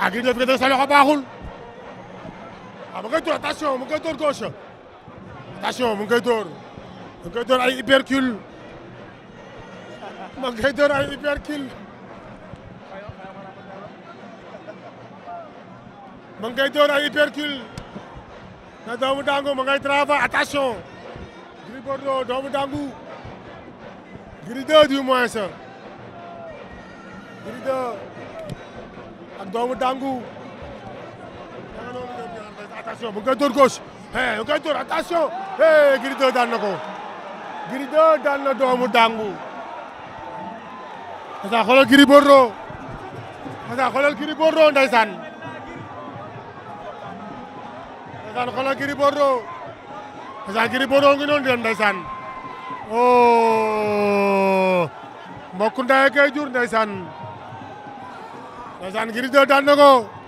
a Gris 2 fi nga sa loxo baaxul waaw ah, mu ngi koy dóor attention mu ngi koy dóor gauche attention mu ngi koy ay hypercule mu ngi mu ngi koy dóor ay hypercule na doomu dangu mu dangu Gris 2 du moins doomu dangu attention bu ngi koy dóor gauche eh bu ngi koy dóor attention doomu dangu ndeysaan xoolal Gris Bordeaux ndeysaan xoolal Gris Bordeaux ndeysaan ndeysaan xoolal Gris Bordeaux ndeysaan Gris Bordeaux ngi noonu dem ndeysaan oh mbokk ndaye jur ndeysaan ndeysaan Gris 2 daan na ko